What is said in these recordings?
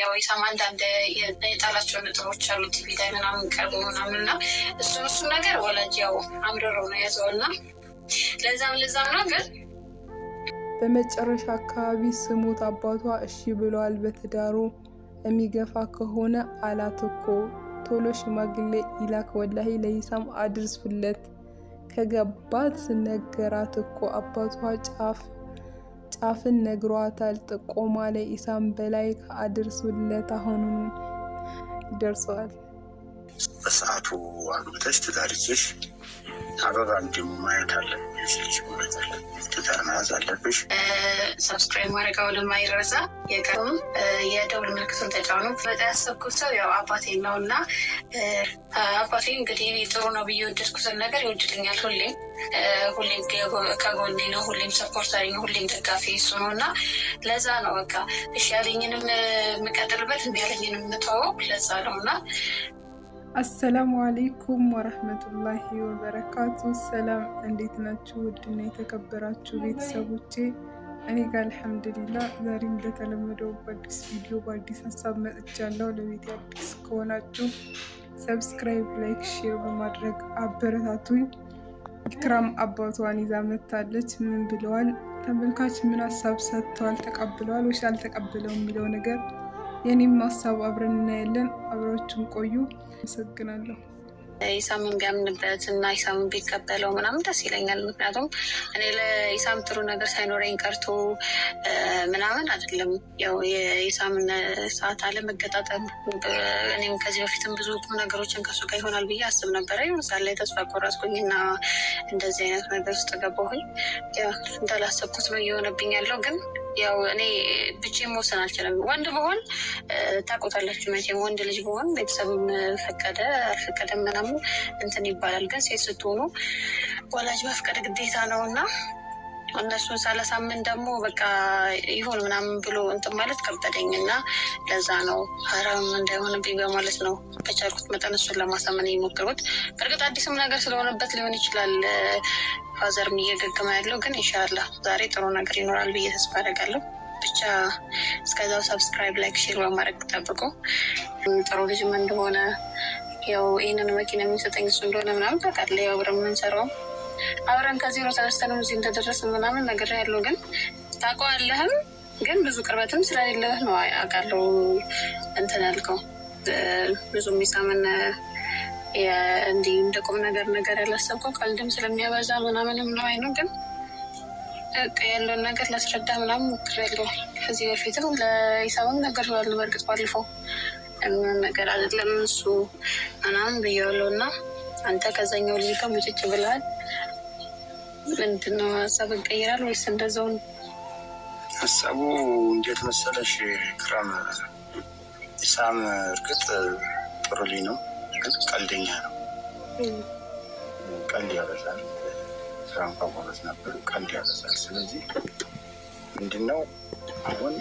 ያው የሳም አንዳንድ የጣላቸው ነጥቦች አሉ ቲቪ ላይ ምናምን ቀርቡ ምናምን እና እሱን እሱን ነገር ወላጅ ያው አምርረው ነው ያዘው እና ለዛም ለዛም ነገር በመጨረሻ አካባቢ ስሙት አባቷ እሺ ብለዋል። በትዳሩ የሚገፋ ከሆነ አላት እኮ ቶሎ ሽማግሌ ይላክ፣ ወላሂ ለይሳም አድርስ አድርሱለት ከገባት ነገራት እኮ አባቷ ጫፍ ጫፍን ነግሯታል። ጥቆማ ለኢሳም በላይ ከአድርሱለት አሁኑኑ ደርሰዋል። በሰዓቱ አግብተሽ ትዳር አበባ እንዲሁ ማየት አለ ልጅ ማለት አለ ትዳር መያዝ አለብሽ። ሰብስክራይብ ማድረጋው ለማይረሳ የቀሩን የደውል ምልክቱን ተጫኑ። በጣም ያሰብኩት ሰው ያው አባቴ ነው እና አባቴ እንግዲህ ጥሩ ነው ብዬ ወደድኩትን ነገር ይወድልኛል። ሁሌም ሁሌም ከጎኔ ነው፣ ሁሌም ሰፖርታሪ ነው፣ ሁሌም ደጋፊ እሱ ነው እና ለዛ ነው በቃ እሺ ያለኝንም የምቀጥልበት እንዲ ያለኝንም የምተወው ለዛ ነው እና አሰላሙ አሌይኩም ወረህመቱላሂ ወበረካቱ። ሰላም እንዴት ናችሁ? ውድና የተከበራችሁ ቤተሰቦቼ እኔ ጋር አልሐምድሊላ። ዛሬም እንደተለመደው በአዲስ ቪዲዮ በአዲስ ሀሳብ መጥቻለሁ። ለቤት አዲስ ከሆናችሁ ሰብስክራይብ፣ ላይክ፣ ሼር በማድረግ አበረታቱኝ። ኢክራም አባቷን ይዛ መታለች። ምን ብለዋል ተመልካች? ምን ሀሳብ ሰጥተዋል? ተቀብለዋል ወይስ አልተቀበለው የሚለው ነገር የኔም ሀሳብ አብረን እናያለን። አብሮችን ቆዩ። አመሰግናለሁ። ኢሳምን ቢያምንበት እና ኢሳምን ቢቀበለው ምናምን ደስ ይለኛል። ምክንያቱም እኔ ለኢሳም ጥሩ ነገር ሳይኖረኝ ቀርቶ ምናምን አይደለም። ያው የኢሳምን ሰዓት አለመገጣጠም እኔም ከዚህ በፊትም ብዙ ቁም ነገሮችን ከሱ ጋር ይሆናል ብዬ አስብ ነበረ። ምሳሌ ላይ ተስፋ ቆረጥኩኝ እና እንደዚህ አይነት ነገር ውስጥ ገባሁኝ። እንዳላሰብኩት ነው እየሆነብኝ ያለው ግን ያው እኔ ብቼ መወሰን አልችልም። ወንድ በሆን ታቆታላችሁ። መቼም ወንድ ልጅ በሆን ቤተሰብም ፈቀደ አልፈቀደ ምናምን እንትን ይባላል። ግን ሴት ስትሆኑ ወላጅ መፍቀድ ግዴታ ነው እና እነሱን ሳላሳምን ደግሞ በቃ ይሁን ምናምን ብሎ እንትን ማለት ከበደኝ እና ለዛ ነው ሐራም እንዳይሆንብኝ በማለት ነው በቻልኩት መጠን እሱን ለማሳመን የሞከርኩት። በእርግጥ አዲስም ነገር ስለሆነበት ሊሆን ይችላል ፋዘርም እየገገመ ያለው ግን ኢንሻላህ ዛሬ ጥሩ ነገር ይኖራል ብዬ ተስፋ አደርጋለሁ። ብቻ እስከዛው ሰብስክራይብ፣ ላይክ፣ ሼር በማድረግ ጠብቆ ጥሩ ልጅም እንደሆነ ያው ይህንን መኪና የሚሰጠኝ እሱ እንደሆነ ምናምን ታውቃለህ። ያው አብረን የምንሰራውም አብረን ከዜሮ ተነስተንም እዚህ እንደደረስን ምናምን ነገር ያለው ግን ታውቀዋለህም ግን ብዙ ቅርበትም ስለሌለህ ነው አውቃለሁ እንትን ያልከው ብዙ የሚሳምን እንዲህ እንደ ቁም ነገር ነገር ያላሰብከው ቀልድም ስለሚያበዛ ምናምንም ነው አይኑ ግን ያለውን ነገር ላስረዳ ምናምን ሞክሬያለሁ። ከዚህ በፊትም ለሂሳብም ነገር ያሉ በእርግጥ ባልፈው የሚሆን ነገር አይደለም እሱ ምናምን ብያለሁ እና አንተ ከዛኛው ልጅ ጋር ሙጭጭ ብለሃል። ምንድን ሀሳብ ይቀይራል ወይስ እንደዛው ነው? ሀሳቡ እንዴት መሰለሽ ክራም ኢሳም እርግጥ ጥሩ ልጅ ነው ግን ቀልደኛ ነው። ቀልድ ያበዛል። ስራን ከቆረጥ ነበሩ ቀልድ ያበዛል። ስለዚህ ምንድነው አሁን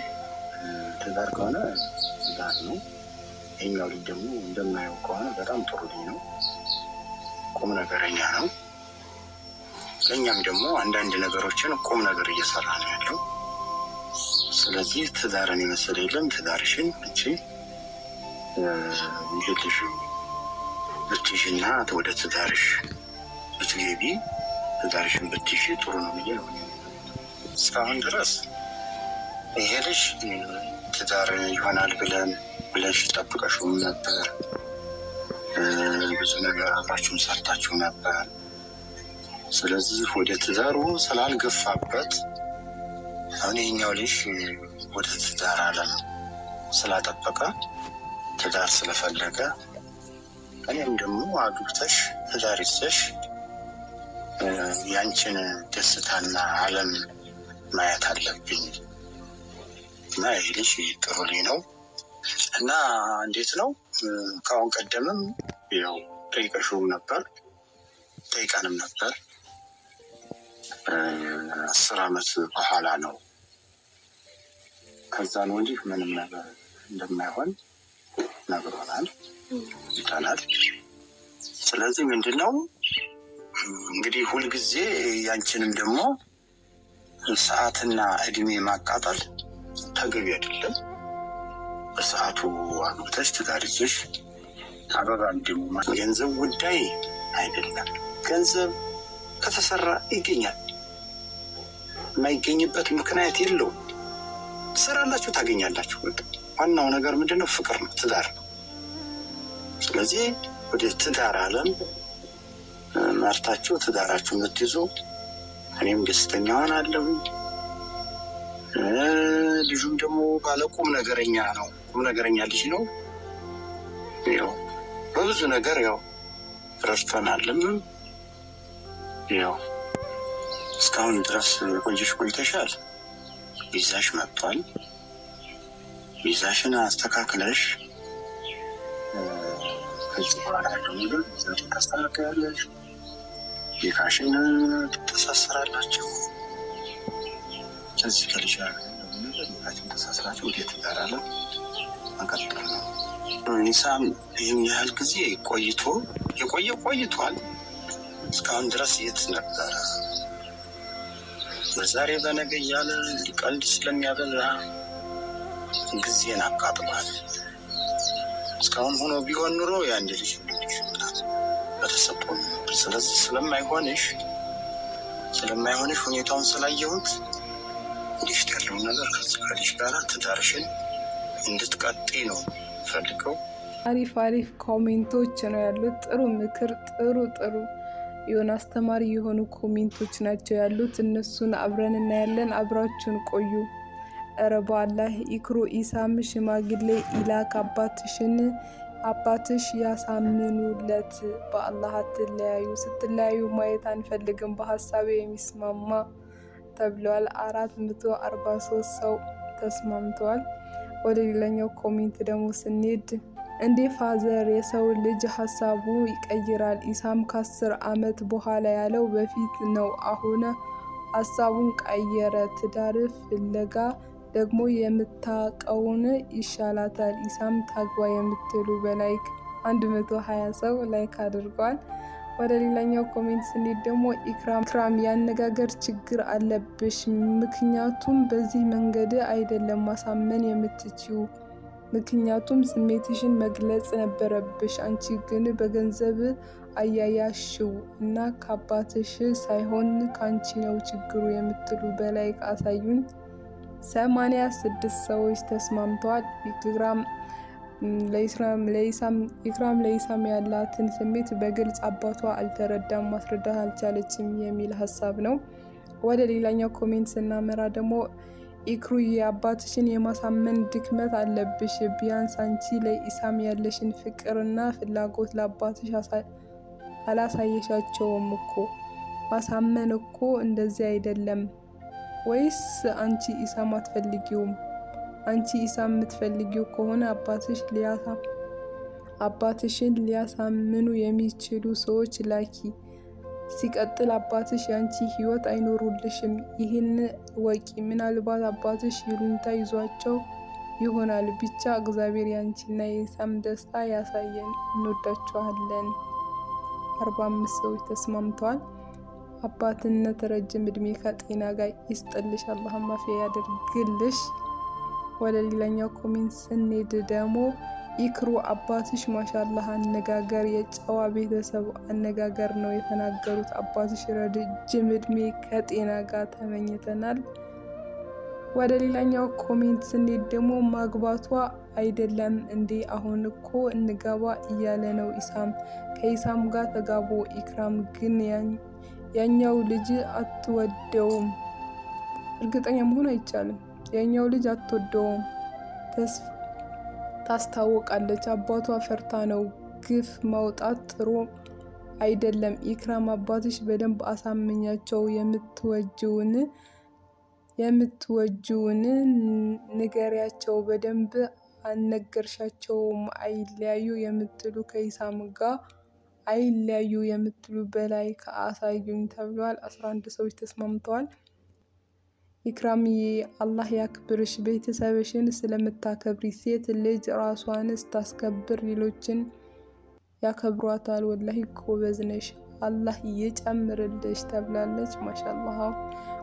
ትዳር ከሆነ ትዳር ነው። ይኛው ልጅ ደግሞ እንደምናየው ከሆነ በጣም ጥሩ ልጅ ነው። ቁም ነገረኛ ነው። ለእኛም ደግሞ አንዳንድ ነገሮችን ቁም ነገር እየሰራ ነው ያለው። ስለዚህ ትዳርን የመሰለ የለም። ትዳርሽን እቺ ይሄልሽ ብትይዥና ወደ ትዳርሽ ብትገቢ ትዳርሽን ብትሽ ጥሩ ነው ብዬ ነው። እስካሁን ድረስ ይሄ ልጅ ትዳር ይሆናል ብለን ብለሽ ጠብቀሽውም ነበር። ብዙ ነገር አብራችሁም ሰርታችሁ ነበር። ስለዚህ ወደ ትዳሩ ስላልገፋበት አሁን ይሄኛው ልጅ ወደ ትዳር አለም ስላጠበቀ ትዳር ስለፈለገ ቀን ወይም ደግሞ አግብተሽ ትዳር ይዘሽ ያንቺን ደስታና ዓለም ማየት አለብኝ እና ይህ ልጅ ጥሩ ልጅ ነው እና እንዴት ነው ከአሁን ቀደምም ያው ጠይቀሽውም ነበር ጠይቀንም ነበር። አስር ዓመት በኋላ ነው ከዛ ነው እንጂ ምንም ነገር እንደማይሆን ነግሮናል፣ ይታናል። ስለዚህ ምንድን ነው እንግዲህ ሁልጊዜ ያንቺንም ደግሞ ሰዓትና እድሜ ማቃጠል ተገቢ አይደለም። በሰዓቱ አግብተሽ ትዳር አበባ እንዲሁ ገንዘብ ጉዳይ አይደለም። ገንዘብ ከተሰራ ይገኛል። የማይገኝበት ምክንያት የለውም። ትሰራላችሁ፣ ታገኛላችሁ። ዋናው ነገር ምንድነው? ፍቅር ነው፣ ትዳር ነው። ስለዚህ ወደ ትዳር አለም መርታችሁ ትዳራችሁ የምትይዙ እኔም ደስተኛ ሆናለሁ። ልጁም ደግሞ ባለ ቁም ነገረኛ ነው፣ ቁም ነገረኛ ልጅ ነው። ያው በብዙ ነገር ያው ረድተናልም ያው እስካሁን ድረስ ቆንጆሽ ቆይተሻል። ቢዛሽ መጥቷል። ይዛሽን አስተካክለሽ ከዚህ በኋላ ከዚህ ከልጅ መቀጠል ነው። ኒሳም ይህም ያህል ጊዜ ቆይቶ የቆየ ቆይቷል። እስካሁን ድረስ የት ነበረ? በዛሬ በነገ እያለ ቀልድ ስለሚያበዛ ጊዜን አቃጥሏል። እስካሁን ሆኖ ቢሆን ኑሮ የአንድ ልጅ ልጅ ምናት በተሰጠ ስለዚህ ስለማይሆንሽ ስለማይሆንሽ ሁኔታውን ስላየሁት ልጅ ያለውን ነገር ከልጅ ጋር ትዳርሽን እንድትቀጥ ነው ፈልገው። አሪፍ አሪፍ ኮሜንቶች ነው ያሉት። ጥሩ ምክር፣ ጥሩ ጥሩ የሆነ አስተማሪ የሆኑ ኮሜንቶች ናቸው ያሉት። እነሱን አብረን እናያለን። አብራችሁን ቆዩ። ኧረ በአላህ ይክሩ። ኢሳም ሽማግሌ ኢላክ አባትሽን አባትሽ ያሳምኑለት። በአላህ አትለያዩ፣ ስትለያዩ ማየት አንፈልግም። በሀሳብ የሚስማማ ተብለዋል። አራት መቶ አርባ ሶስት ሰው ተስማምተዋል። ወደ ሌላኛው ኮሜንት ደግሞ ስንሄድ እንዴ ፋዘር የሰው ልጅ ሀሳቡ ይቀይራል። ኢሳም ከአስር አመት በኋላ ያለው በፊት ነው። አሁን ሀሳቡን ቀየረ። ትዳር ፍለጋ ደግሞ የምታቀውን ይሻላታል ኢሳም ታግባ የምትሉ በላይክ 120 ሰው ላይክ አድርጓል። ወደ ሌላኛው ኮሜንት ስንሄድ ደግሞ ኢክራም ያነጋገር ችግር አለብሽ፣ ምክንያቱም በዚህ መንገድ አይደለም ማሳመን የምትችው፣ ምክንያቱም ስሜትሽን መግለጽ ነበረብሽ። አንቺ ግን በገንዘብ አያያሽው እና ከአባትሽ ሳይሆን ከአንቺ ነው ችግሩ የምትሉ በላይክ አሳዩኝ። ሰማንያ ስድስት ሰዎች ተስማምተዋል። ኢክራም ለኢሳም ያላትን ስሜት በግልጽ አባቷ አልተረዳም ማስረዳት አልቻለችም የሚል ሀሳብ ነው። ወደ ሌላኛው ኮሜንት ስናመራ ደግሞ ኢክሩዬ የአባትሽን የማሳመን ድክመት አለብሽ። ቢያንስ አንቺ ለኢሳም ያለሽን ፍቅርና ፍላጎት ለአባትሽ አላሳየሻቸውም እኮ። ማሳመን እኮ እንደዚህ አይደለም ወይስ አንቺ ኢሳም አትፈልጊውም? አንቺ ኢሳም የምትፈልጊው ከሆነ አባትሽ ሊያሳ አባትሽን ሊያሳምኑ የሚችሉ ሰዎች ላኪ። ሲቀጥል አባትሽ ያንቺ ህይወት አይኖሩልሽም። ይህን ወቂ። ምናልባት አባትሽ ይሉኝታ ይዟቸው ይሆናል። ብቻ እግዚአብሔር ያንቺና የኢሳም ደስታ ያሳየን። እንወዳችኋለን። አርባ አምስት ሰዎች ተስማምተዋል። አባትነት ረጅም እድሜ ከጤና ጋር ይስጥልሽ፣ አላህ ማፊያ ያደርግልሽ። ወደ ሌላኛው ኮሜንት ስንሄድ ደግሞ ኢክሩ አባትሽ ማሻላህ አነጋገር የጨዋ ቤተሰብ አነጋገር ነው የተናገሩት። አባትሽ ረጅም እድሜ ከጤና ጋር ተመኝተናል። ወደ ሌላኛው ኮሜንት ስንሄድ ደግሞ ማግባቷ አይደለም እንዴ? አሁን እኮ እንገባ እያለ ነው ኢሳም። ከኢሳም ጋር ተጋቦ ኢክራም ግን የኛው ልጅ አትወደውም እርግጠኛ መሆን አይቻልም የኛው ልጅ አትወደውም ታስታውቃለች አባቷ ፈርታ ነው። ግፍ ማውጣት ጥሩ አይደለም። ኢክራም አባትሽ በደንብ አሳምኛቸው። የምትወጂውን የምትወጂውን ንገሪያቸው። በደንብ አነገርሻቸውም አይለያዩ የምትሉ ከሂሳም ጋር አይለያዩ የምትሉ በላይ ከአሳዩኝ ተብሏል። አስራ አንድ ሰዎች ተስማምተዋል። ኢክራምዬ አላህ ያክብርሽ። ቤተሰብሽን ስለምታከብሪ ሴት ልጅ ራሷን ስታስከብር ሌሎችን ያከብሯታል። ወላሂ ጎበዝ ነሽ፣ አላህ እየጨምርልሽ ተብላለች። ማሻላ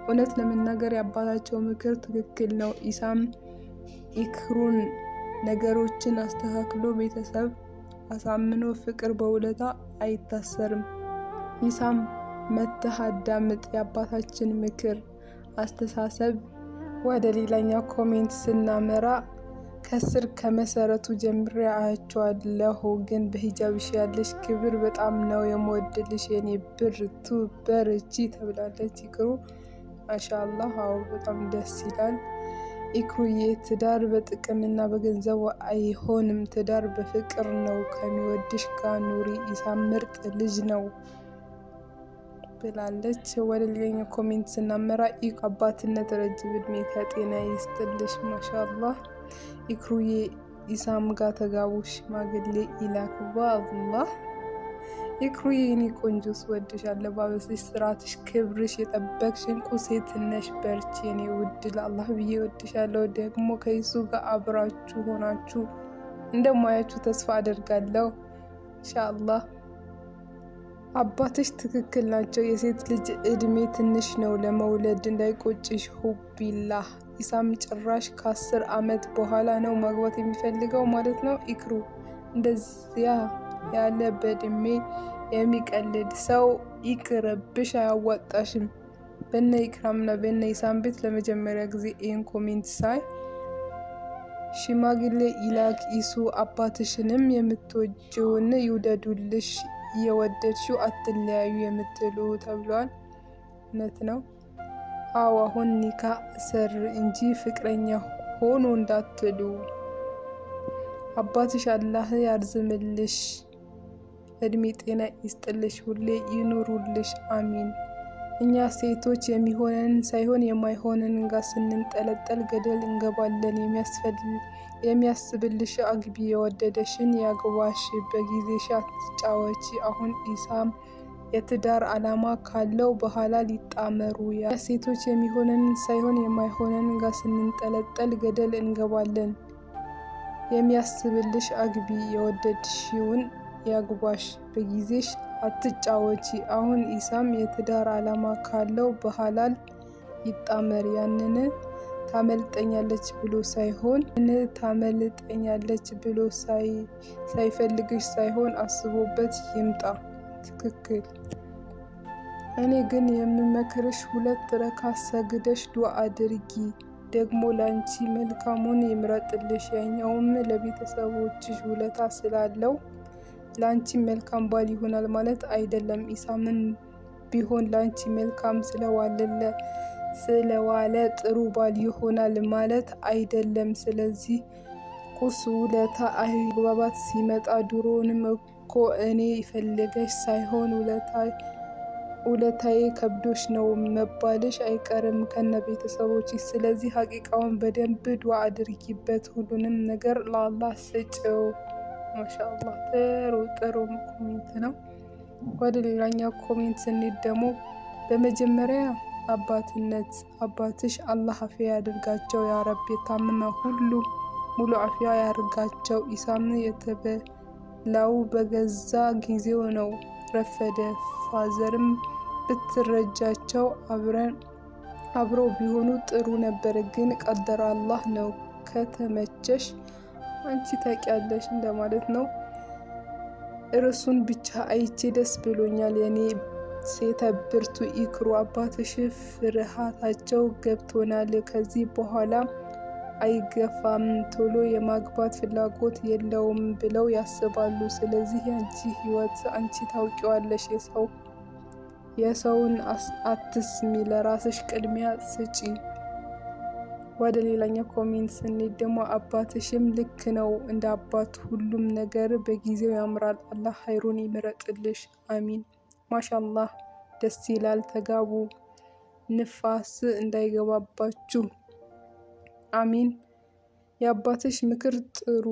እውነት ለመናገር የአባታቸው ምክር ትክክል ነው። ኢሳም ኢክሩን ነገሮችን አስተካክሎ ቤተሰብ አሳምኖ ፍቅር በውለታ አይታሰርም። ይሳም መተህ አዳምጥ የአባታችን ምክር አስተሳሰብ። ወደ ሌላኛው ኮሜንት ስናመራ ከስር ከመሰረቱ ጀምሬ አያቸዋለሁ፣ ግን በሂጃብሽ ያለሽ ክብር በጣም ነው የምወድልሽ የኔ ብርቱ በርቺ ተብላለች። ይቅሩ ማሻአላህ። አዎ በጣም ደስ ይላል። ኢኩዬ ትዳር በጥቅምና በገንዘብ አይሆንም። ትዳር በፍቅር ነው። ከሚወድሽ ጋር ኑሪ። ኢሳም ምርጥ ልጅ ነው ብላለች። ወደ ሌላኛው ኮሜንት ስናመራ ኢክ አባትነት ረጅም እድሜ ከጤና ይስጥልሽ። ማሻአላህ ኢኩዬ ኢሳም ጋር ተጋቡ። ሽማግሌ ኢላክ አላህ ይቅሩ የኔ ቆንጆ ስወድሽ አለባበስሽ፣ ስርዓትሽ፣ ክብርሽ የጠበቅሽ እንቁ ሴትነሽ በርች የኔ ውድ ለአላህ ብዬ ወድሻለሁ። ደግሞ ከይሱ ጋር አብራችሁ ሆናችሁ እንደማያችሁ ተስፋ አደርጋለሁ ኢንሻአላህ። አባትሽ ትክክል ናቸው። የሴት ልጅ እድሜ ትንሽ ነው ለመውለድ፣ እንዳይቆጭሽ ሁቢላህ። ኢሳም ጭራሽ ከአስር አመት በኋላ ነው ማግባት የሚፈልገው ማለት ነው። ኢክሩ እንደዚያ ያለ በድሜ የሚቀልድ ሰው ይቅርብሽ፣ አያዋጣሽም። በነ ኢክራምና በነ ኢሳም ቤት ለመጀመሪያ ጊዜ ይህን ኮሜንት ሳይ ሽማግሌ ይላክ ይሱ አባትሽንም የምትወጅውን ይውደዱልሽ፣ እየወደድሽው አትለያዩ የምትሉ ተብሏል። እውነት ነው። አዎ አሁን ኒካ ስር እንጂ ፍቅረኛ ሆኖ እንዳትሉ። አባትሽ አላህ ያርዝምልሽ። እድሜ ጤና ይስጥልሽ፣ ሁሌ ይኑሩልሽ። አሚን። እኛ ሴቶች የሚሆነንን ሳይሆን የማይሆንን ጋር ስንንጠለጠል ገደል እንገባለን። የሚያስብልሽ አግቢ፣ የወደደሽን ያግባሽ፣ በጊዜሽ አትጫወቺ። አሁን ኢሳም የትዳር አላማ ካለው በኋላ ሊጣመሩ። ያ ሴቶች የሚሆነንን ሳይሆን የማይሆነንን ጋር ስንንጠለጠል ገደል እንገባለን። የሚያስብልሽ አግቢ፣ የወደድሽውን ያግባሽ፣ በጊዜሽ አትጫወቺ። አሁን ኢሳም የትዳር ዓላማ ካለው በሐላል ይጣመር ያንን ታመልጠኛለች ብሎ ሳይሆን ን ታመልጠኛለች ብሎ ሳይፈልግሽ ሳይሆን አስቦበት ይምጣ። ትክክል። እኔ ግን የምመክርሽ ሁለት ረካ ሰግደሽ ዱዓ አድርጊ። ደግሞ ላንቺ መልካሙን ይምረጥልሽ፣ ያኛውም ለቤተሰቦችሽ ውለታ ስላለው ለአንቺ መልካም ባል ይሆናል ማለት አይደለም። ኢሳምን ቢሆን ለአንቺ መልካም ስለዋለለ ስለዋለ ጥሩ ባል ይሆናል ማለት አይደለም። ስለዚህ ቁስ ውለታ አለመግባባት ሲመጣ ድሮንም እኮ እኔ ፈለገሽ ሳይሆን ውለታዬ ከብዶች ነው መባልሽ አይቀርም ከነ ቤተሰቦች። ስለዚህ ሀቂቃውን በደንብ ዱዓ አድርጊበት። ሁሉንም ነገር ለአላህ ስጭው። ማሻአላ ጥሩ ጥሩ ኮሜንት ነው። ወደ ሌላኛው ኮሜንት ስንሄድ ደግሞ በመጀመሪያ አባትነት አባትሽ አላህ አፍያ ያደርጋቸው ያረብ፣ የታመመ ሁሉ ሙሉ አፍያ ያደርጋቸው። ኢሳም የተበላው በገዛ ጊዜው ነው ረፈደ። ፋዘርም ብትረጃቸው አብረን አብረው ቢሆኑ ጥሩ ነበር፣ ግን ቀደረ አላህ ነው ከተመቸሽ አንቺ ታውቂያለሽ እንደማለት ነው። እርሱን ብቻ አይቼ ደስ ብሎኛል። የኔ ሴተ ብርቱ ይክሩ አባትሽ ፍርሃታቸው ገብቶናል። ከዚህ በኋላ አይገፋም፣ ቶሎ የማግባት ፍላጎት የለውም ብለው ያስባሉ። ስለዚህ የአንቺ ህይወት አንቺ ታውቂዋለሽ። የሰው የሰውን አትስሚ፣ ለራስሽ ቅድሚያ ስጪ። ወደ ሌላኛው ኮሜንት ስንሄድ ደግሞ አባትሽም ልክ ነው እንደ አባት ሁሉም ነገር በጊዜው ያምራል። አላህ ሀይሩን ይምረጥልሽ። አሚን። ማሻላህ ደስ ይላል። ተጋቡ፣ ንፋስ እንዳይገባባችሁ። አሚን። የአባትሽ ምክር ጥሩ፣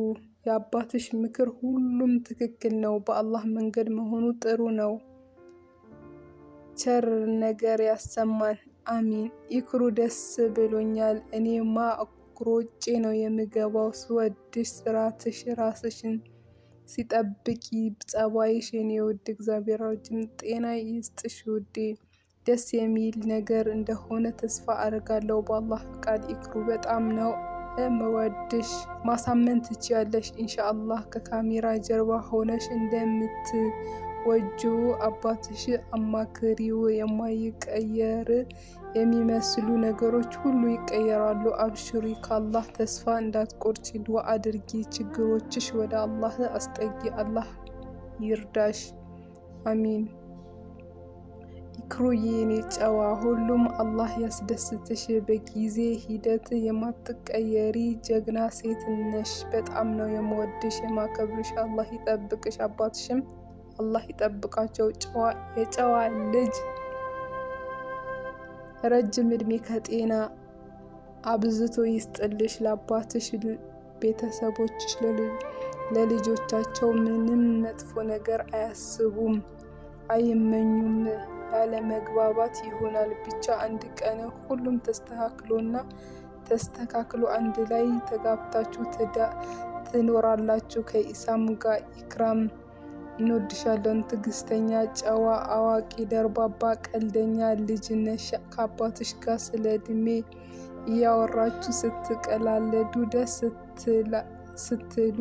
የአባትሽ ምክር ሁሉም ትክክል ነው። በአላህ መንገድ መሆኑ ጥሩ ነው። ቸር ነገር ያሰማን። አሚን። ይክሩ ደስ ብሎኛል። እኔማ አኩርጬ ነው የምገባው። ስወድሽ ስራትሽ ራስሽን ሲጠብቂ ጸባይሽ የኔ ውድ እግዚአብሔር ረጅም ጤና ይስጥሽ ውዴ። ደስ የሚል ነገር እንደሆነ ተስፋ አድርጋለሁ። በአላህ ፍቃድ ይክሩ በጣም ነው መወድሽ። ማሳመን ትችያለሽ። ኢንሻአላህ ከካሜራ ጀርባ ሆነሽ እንደምት ወጆ አባትሽ አማክሪው። የማይቀየር የሚመስሉ ነገሮች ሁሉ ይቀየራሉ። አብሽሪ፣ ካላህ ተስፋ እንዳትቆርጪ ዱዓ አድርጊ። ችግሮችሽ ወደ አላህ አስጠጊ፣ አላህ ይርዳሽ። አሚን። ይክሩዬ የኔ ጨዋ፣ ሁሉም አላህ ያስደስትሽ። በጊዜ ሂደት የማትቀየሪ ጀግና ሴት ነሽ። በጣም ነው የምወድሽ የማከብርሽ። አላህ ይጠብቅሽ አባትሽም አላህ ይጠብቃቸው። የጨዋ ልጅ ረጅም እድሜ ከጤና አብዝቶ ይስጥልሽ። ለአባትሽ፣ ቤተሰቦችሽ፣ ለልጆቻቸው ምንም መጥፎ ነገር አያስቡም አይመኙም። ያለ መግባባት ይሆናል ብቻ አንድ ቀን ሁሉም ተስተካክሎና ተስተካክሎ አንድ ላይ ተጋብታችሁ ትኖራላችሁ ከኢሳም ጋር ኢክራም እንወድሻለን ትግስተኛ ጨዋ፣ አዋቂ፣ ደርባባ፣ ቀልደኛ ልጅ ነሽ። ከአባትሽ ጋር ስለ እድሜ እያወራችሁ ስትቀላለዱ ደስ ስትሉ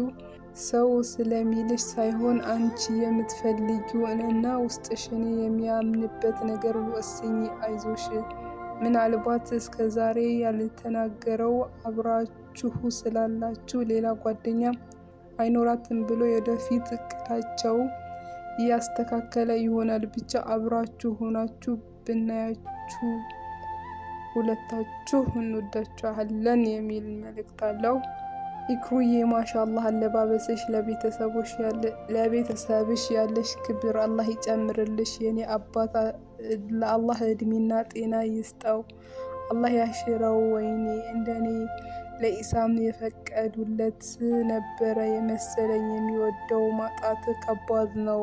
ሰው ስለሚልሽ ሳይሆን አንቺ የምትፈልጊውን እና ውስጥሽን የሚያምንበት ነገር ወስኝ አይዞሽ። ምናልባት እስከዛሬ ያልተናገረው አብራችሁ ስላላችሁ ሌላ ጓደኛ አይኖራትም ብሎ የወደፊት እቅዳቸው እያስተካከለ ይሆናል። ብቻ አብራችሁ ሆናችሁ ብናያችሁ ሁለታችሁ እንወዳችኋለን የሚል መልእክት አለው። ኢክሩዬ ማሻአላህ አለባበስሽ ለቤተሰቦች ለቤተሰብሽ ያለሽ ክብር አላህ ይጨምርልሽ። የኔ አባት ለአላህ እድሜና ጤና ይስጠው፣ አላህ ያሽረው። ወይኔ እንደኔ ለኢሳም የፈቀዱለት ነበረ የመሰለኝ። የሚወደው ማጣት ከባድ ነው።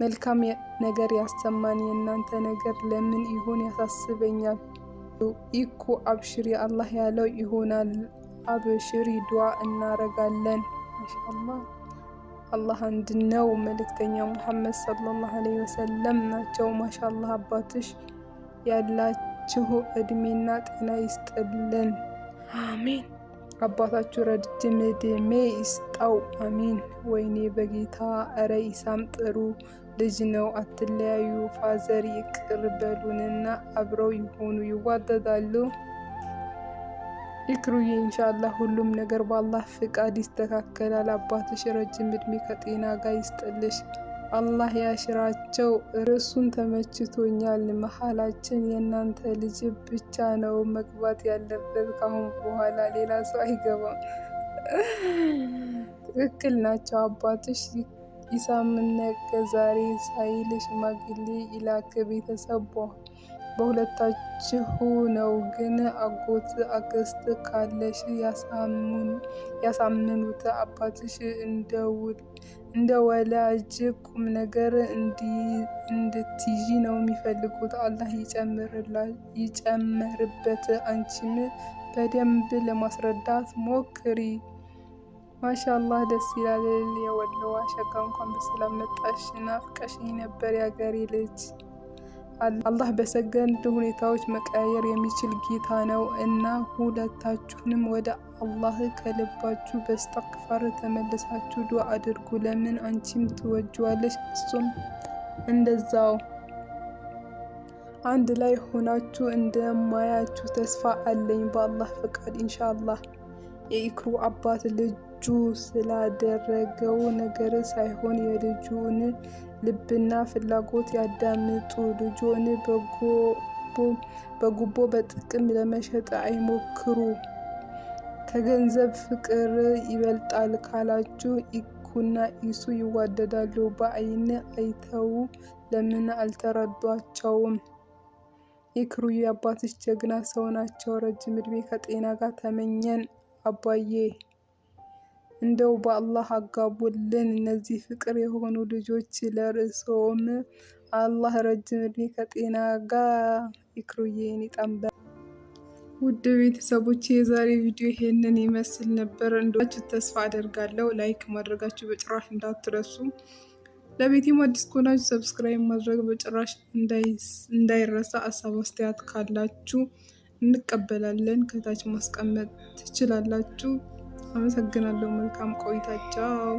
መልካም ነገር ያሰማን። የእናንተ ነገር ለምን ይሆን ያሳስበኛል። ኢኮ አብሽሪ፣ አላህ ያለው ይሆናል። አብሽሪ፣ ዱዓ እናረጋለን። ማሻአላ አላህ አንድ ነው። መልእክተኛ ሙሐመድ ሰለላሁ ዐለይሂ ወሰለም ናቸው። ማሻአላ አባትሽ ያላችሁ እድሜና ጤና ይስጥልን። አሜን። አባታችሁ ረጅም እድሜ ይስጠው። አሚን። ወይኔ በጌታ እረ ኢሳም ጥሩ ልጅ ነው። አትለያዩ ፋዘር፣ ይቅር በሉንና አብረው ይሆኑ ይዋደዳሉ። ይክሩዬ እንሻላ ሁሉም ነገር በአላህ ፍቃድ ይስተካከላል። አባትሽ ረጅም እድሜ ከጤና ጋር ይስጥልሽ። አላህ ያሽራቸው። ርዕሱን ተመችቶኛል። መሀላችን የእናንተ ልጅ ብቻ ነው መግባት ያለበት። ካሁን በኋላ ሌላ ሰው አይገባም። ትክክል ናቸው አባትሽ ኢሳምና ከዛሬ ሳይል ሽማግሌ ይላክ ቤተሰብ በሁለታችሁ ነው። ግን አጎት አክስት ካለሽ ያሳምኑት አባትሽ እንደውል እንደ ወላጅ ቁም ነገር እንድትይዥ ነው የሚፈልጉት። አላህ ይጨምርበት። አንቺም በደንብ ለማስረዳት ሞክሪ። ማሻአላህ ደስ ይላል። የወለዋ ሸጋ እንኳን በሰላም መጣሽ። ናፍቀሽኝ ነበር የአገሬ ልጅ። አላህ በሰገንድ ሁኔታዎች መቀየር የሚችል ጌታ ነው እና ሁለታችሁንም ወደ አላህ ከልባችሁ በስተግፋር ተመልሳችሁ ዱዓ አድርጉ። ለምን አንቺም ትወጂዋለሽ፣ እሱም እንደዛው። አንድ ላይ ሆናችሁ እንደማያችሁ ተስፋ አለኝ በአላህ ፈቃድ ኢንሻአላህ። የኢክሩ አባት ልጁ ስላደረገው ነገር ሳይሆን የልጁን ልብና ፍላጎት ያዳምጡ። ልጁን በጉቦ በጥቅም ለመሸጥ አይሞክሩ። ከገንዘብ ፍቅር ይበልጣል ካላችሁ ኢኩና ኢሱ ይዋደዳሉ። በአይን አይተው ለምን አልተረዷቸውም? የክሩዬ አባትሽ ጀግና ሰው ናቸው። ረጅም እድሜ ከጤና ጋር ተመኘን። አባዬ እንደው በአላህ አጋቡልን። እነዚህ ፍቅር የሆኑ ልጆች ለርዕሶም አላህ ረጅም እድሜ ከጤና ጋር ይክሩዬን ይጠምበል። ውድ ቤተሰቦች የዛሬ ቪዲዮ ይሄንን ይመስል ነበር። እንደችሁ ተስፋ አደርጋለሁ። ላይክ ማድረጋችሁ በጭራሽ እንዳትረሱ። ለቤቴም አዲስ ከሆናችሁ ሰብስክራይብ ማድረግ በጭራሽ እንዳይረሳ። አሳብ አስተያየት ካላችሁ እንቀበላለን። ከታች ማስቀመጥ ትችላላችሁ። አመሰግናለሁ። መልካም ቆይታ። ቻው